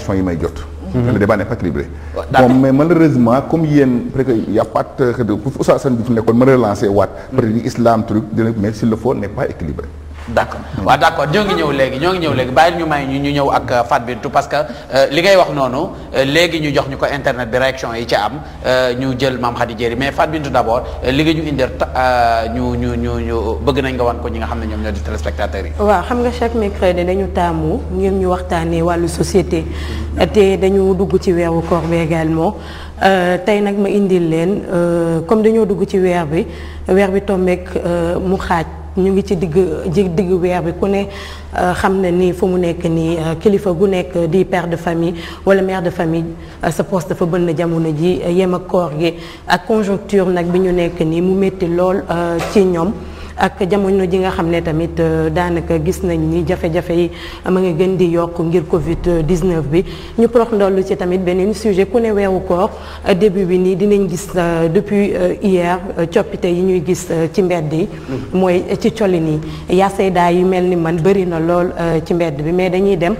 réaction yi may jot. Mhm. le débat n'est pas équilibré. bon mais malheureusement comme yéen peut-être y' a pas de pour Oustaz Assane Diouf nekkoon ma relancer waat. Mhm. peut-être islam mais s'il le faut n'est pas équilibré. d' accord waaw d' accord ñoo ngi ñëw léegi ñoo ngi ñëw léegi bàyyil ñu may ñu ñëw ak euh, Fatou Binetou parce que euh, li ngay wax noonu euh, léegi ñu jox ñu ko internet direction yi ci am ñu jël maam Khady Diéry mais Fatou Binetou d' abord li nga ñu indil ñu bëgg nañ nga wan ko ñi nga xam ne ñoom ñoo di téléspectateurs yi. waaw xam nga chaque mercredi dañu taamu ñoom ñu waxtaanee wàllu société te dañu dugg ci weeru koor bi également tey nag ma indil leen comme dañoo dugg ci weer bi weer bi tombeek mu xaaj. ñu ngi ci diggu ji digg weer bi ku ne euh, xam ne ni fu mu nekk nii euh, kilifa gu nekk di père de famille wala mère de famille euh, sa poste dafa bënn jamono ji yem ak koor gi ak conjoncture nag bi ñu nekk nii mu métti lool ci ñoom. ak jamono ji nga xam ne tamit euh, daanaka gis nañ ni jafe-jafe yi ma ngi gën di yokk ngir Covid 19 bi ñu prox ndollu ci tamit beneen sujet ku ne weewu koor euh, début bi nii dinañ gis euh, depuis hier coppite yi ñuy gis ci mbedd yi. Mm-hmm. mooy ci colin yi yaa saydaa yi mel ni man bëri na lool ci mbedd bi mais dañuy dem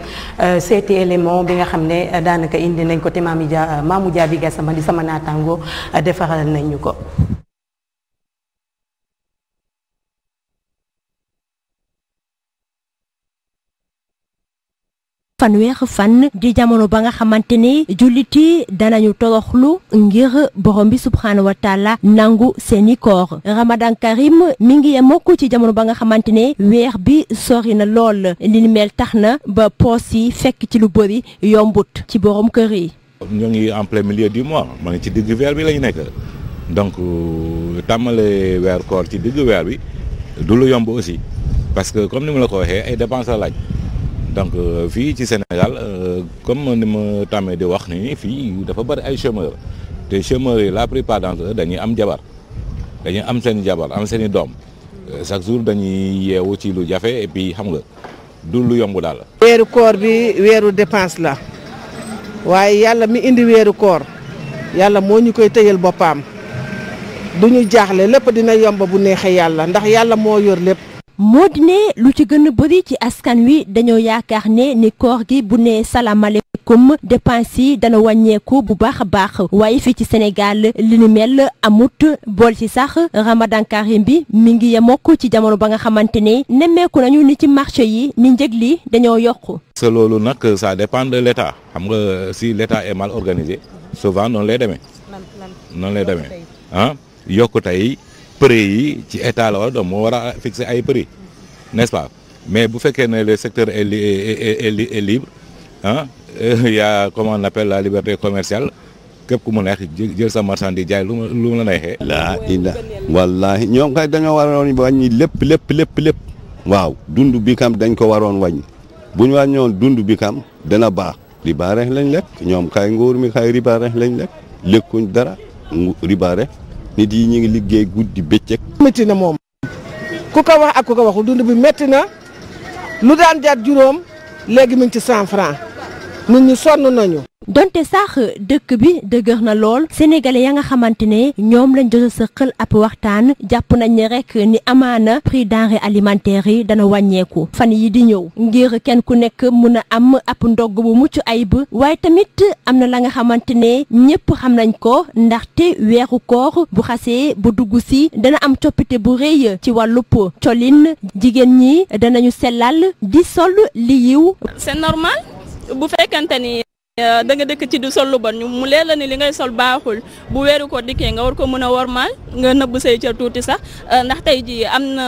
seeti élément bi nga xam ne daanaka indi nañ ko te Mamou Dia Mamou Dia bi Gassama di sama naataango defaral nañ ñu ko. fanweer fan di jamono ba nga xamante ne julliti danañu toroxlu ngir borom bi subxanahu wa taala nangu seeni koor Ramadan Karim mi ngi yemokk ci jamono ba nga xamante ne weer bi sori na lool li mel tax na ba poos yi fekk ci lu bëri yombut ci borom kër yi. ñoo ngi en plein milieu du mois ma ci digg weer bi la ñu nekk donc euh, tàmmale weer koor ci digg weer bi du yomb aussi parce que comme ni ma la ko waxee ay dépenses la laaj. donc euh, fii ci Sénégal euh, comme ni ma tàmmee di wax ni fii dafa bëri ay chômeurs te chômeurs yi la plupart d'entre dañuy am jabar dañuy am seen jabar am seen i doom euh, chaque jour dañuy yeewu ci lu jafe et xam nga du lu yomb daal. weeru koor bi weeru dépense la waaye yàlla mi indi weeru koor yàlla moo ñu koy tëyal boppam du ñu jaaxle lépp dina yomb bu neexee yàlla ndax yàlla moo yor lépp. moo di lu ci gën bëri ci askan wi dañoo yaakaar ne ni koor gi bu nee salaamaaleykum dépense yi dana wàññeeku bu baax a baax waaye fii ci Sénégal li ni mel amut bool ci sax Ramadan Karim bi mi ngi yemokk ci jamono ba nga xamante ne nemmeeku nañu ni ci marché yi ni njëg li dañoo yokk parce loolu nag sa dépend de l' xam nga si l' état mal organiser souvent noonu lay demee. noonu lay demee ah tey. prix yi ci état la war a doon moo war a fixer ay prix nest pas mais bu fekkee ne le secteur est li est libre ah comment on appelle la liberté commerciale képp ku mu neex jël sa marchandise jaay lu mu la neexee. laa ila wallaahi ñoom kay dañoo waroon wàññi lépp lépp lépp lépp. waaw dund bi kam dañ ko waroon wañ bu ñu wàññoon dund bi kam dana baax. riba lañ lekk ñoom kay nguur lañ lekk lekkuñ dara riba nit yi ñu ngi liggéey guddi bëccëg. métti na moom ku ko wax ak ku ko waxul dund bi métti na lu daan jar juróom léegi mu ngi ci cent franc. nit ñi sonn nañu. donte sax dëkk bi dëgër na lool sénégalais ya nga xamante ne ñoom lañ jot a sëqal ab waxtaan jàpp nañ ne rek ni amaana prix denrée alimentaire yi dana wàññeeku fan yi di ñëw ngir kenn ku nekk mun a am ab ndog bu mucc ayib waaye tamit am na la nga xamante ne ñëpp xam nañ ko ndaxte weeru koor bu xasee bu dugg si dana am coppite bu rëy ci wàllu po colin jigéen ñi danañu sellal di sol li yiw c'est normal bu fekkante ni euh, da nga dëkk ci di sol lu bon ñu mu leer la ni li ngay sol baaxul bu weeru ko dikkee nga war ko mën a wormaal nga nëbb say cër tuuti sax euh, ndax tey jii am na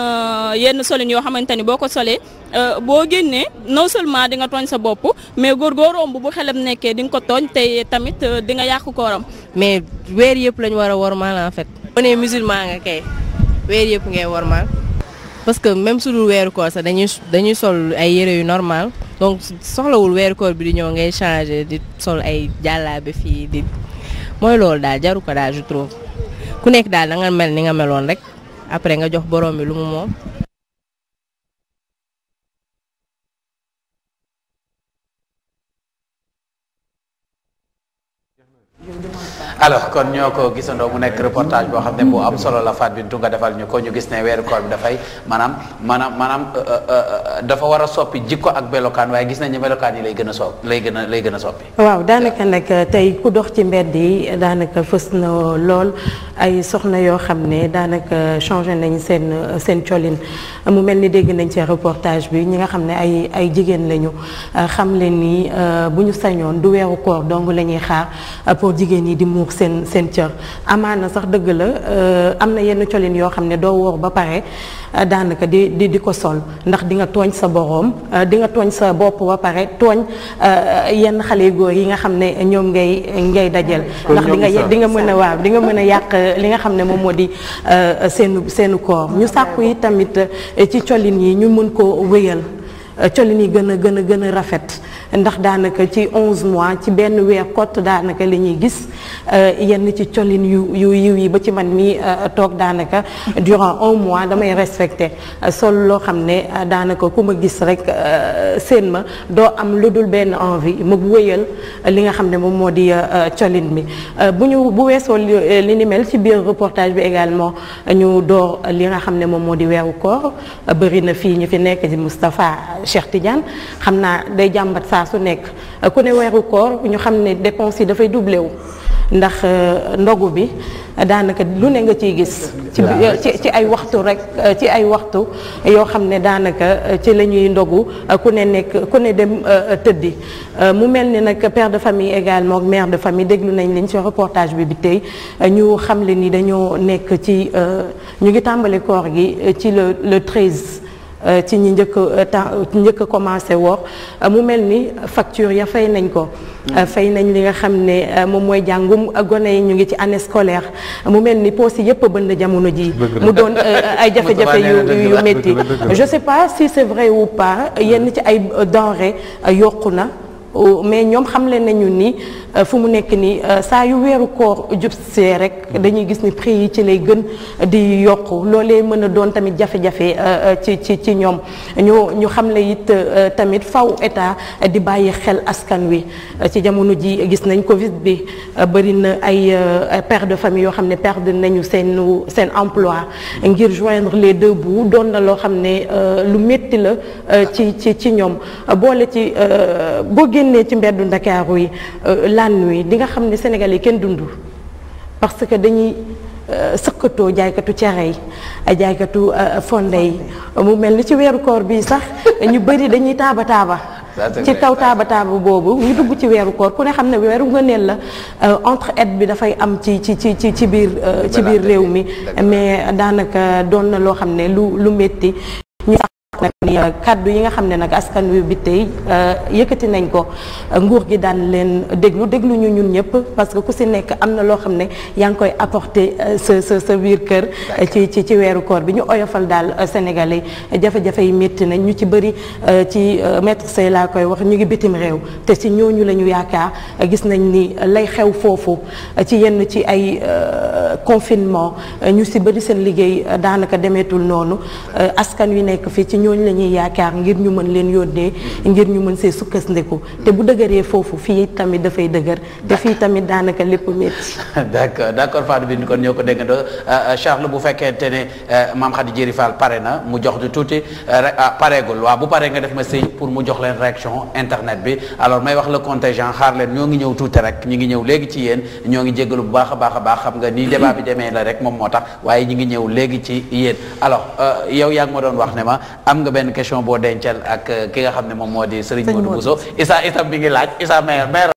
yenn solin yoo xamante ni boo ko solee euh, boo génnee non seulement di nga tooñ sa bopp mais góor goo romb bu xelam nekkee di nga ko tooñ tey tamit dinga yàqu yàq kooram. mais weer yëpp lañ war a wormaal en fait. boo nee musulman nga kay weer yëpp ngay wormaal parce que même su dul weeru koor sax dañuy dañuy sol ay yére yu normal. donc soxlawul weeru koor bi di ñëw ngay changé di sol ay jàllaabe fii di mooy loolu daal jaru ko daal je trouve ku nekk daal na nga mel ni nga meloon rek après nga jox borom bi lu mu moom. alors kon ñoo ko gisandoo mu nekk reportage boo xam ne bu am solo la Fat Bintou nga defal ñu ko ñu gis ne weeru koor bi dafay maanaam maanaam maanaam euh, euh, euh, dafa war a soppi jikko ak melokaan waaye gis nañu melokaan yi lay gën a sopp lay gën a lay gën a soppi. waaw daanaka nag tey ku dox ci mbedd yi daanaka fës na lool ay soxna yoo xam ne daanaka changé nañ seen seen colin mu mel ni dégg nañ ci reportage bi ñi nga xam ne ay ay jigéen lañu xam leen ni bu ñu sañoon du weeru koor amuk seen seen cër amaana sax dëgg la euh, am na yenn colin yoo xam ne doo woor ba pare euh, daanaka di di di ko sol ndax di nga tooñ sa boroom euh, di nga tooñ sa bopp ba pare tooñ yenn xale yu góor yi nga xam ne ñoom ngay ngay dajal ndax di nga di nga mën a waaw di nga mën a yàq li nga xam ne moom moo di seenu seenu koor ñu sàkku yi tamit ci colin yi ñu mën ko wéyal Euh, colin yi gën a gën a gën a rafet ndax daanaka ci 11 mois ci benn weer kott daanaka la ñuy gis euh, yenn ci colin yu yu yiw yi ba ci man mii euh, toog daanaka durant un mois damay respecté sol loo xam ne daanaka ku ma gis rek séen ma doo am lu dul benn envie ma wéyal li nga xam ne moom moo di colin bi bu ñu bu weesoo li ni mel ci biir reportage bi également ñu door li nga xam ne moom moo di weeru koor bëri na fii ñu fi nekk di Moustapha Cheikh tijan xam naa day jàmbat saa su nekk ku ne weeru koor ñu xam ne dépense yi dafay doublé wu ndax euh, ndogu bi daanaka lu ne nga ciy gis ci euh, ci ay waxtu rek euh, ci ay waxtu yoo xam ne daanaka ci la ñuy ndogu ku ne nekk ku ne dem tëddi mu mel ni nag père de famille également ak mère de famille déglu nañ leen ci reportage bi bi tey ñu xam le ni dañoo nekk ci ñu ngi tàmbali koor gi ci le le treize Euh, ci ñi njëkk euh, a njëkk a commencé woor euh, mu mel ni facture ya fay nañ ko mm. fay nañ li nga xam ne moom mooy jàngum gone yi ñu ngi ci année scolaire mu mel ni poos yi yëpp bënn jamono ji mu doon ay jafe-jafe yu yu métti je sais pas si c'est vrai ou pas yenn ci ay denrées yokku na Euh, mais ñoom xam leen nañu ni euh, fu mu nekk nii euh, saa yu weeru koor jub rek dañuy gis ni prix yi ci lay gën di yokk loolee mën a doon tamit jafe-jafe ci ci ci ñoom ñu ñu xam le it tamit faw état di bàyyi xel askan wi ci jamono ji gis nañ Covid bi bëri na ay pères de famille yoo xam ne perdre nañu seen seen emploi ngir joindre les deux bouts doon na loo xam ne lu métti la ci ci ci ñoom boole ci génnee ci mbeddu ndakaaru yi euh, la nuit di nga xam ne Sénégal yi kenn dundul parce que dañuy euh, sëkkatoo jaaykatu cere yi jaaykatu euh, fonde yi mu mel ni ci weeru koor bii sax ñu bëri dañuy taaba taaba ci kaw taaba taaba boobu ñu dugg ci weeru koor ku ne xam ne weeru ngëneel la entraide bi dafay am ci ci ci ci ci biir ci biir réew mi mais daanaka doon na loo xam ne lu lu métti ñu sax Euh, kaddu yi nga xam ne nag askan wi bi tey euh, yëkkati nañ ko euh, nguur gi daan leen déglu déglu ñu ñun ñëpp parce que ku si nekk am na loo xam ne yaa ngi koy apporté sa sa sa biir kër ci ci ci weeru koor bi ñu oyofal daal sénégalais jafe-jafe yi métti nañ ñu ci bëri ci maître say laa koy wax ñu ngi bitim réew te si ñooñu la yaakaar gis nañ ni lay xew foofu ci yenn ci ay confinement ñu si bëri seen liggéey daanaka demeetul noonu askan wi nekk fii ci ñooñu la ñuy yaakaar ngir ñu mën leen yónnee ngir ñu mën see ndeku te bu dëgëree foofu fii tamit dafay dëgër te fii tamit daanaka lépp métti d'accord d'accord Fatou Binetou kon ñoo ko dégg déggandoo euh, euh, Charles bu fekkente ne euh, maam Khady Diéry Fall pare na mu jox di tuuti ah, pareegul waaw bu paree nga def ma sëy pour mu jox leen réaction internet bi alors may wax le contingent xaar leen ñoo ngi ñëw tuuti rek ñu ngi ñëw léegi ci yéen ñoo ngi jéggalu bu baax a baax a baax xam nga ni débat bi demee la rek moom moo tax waaye ñu ngi ñëw léegi ci yéen alors benn question boo dencal ak euh, ki moom moo di Serigne Modou itam bi laaj Issa maire maire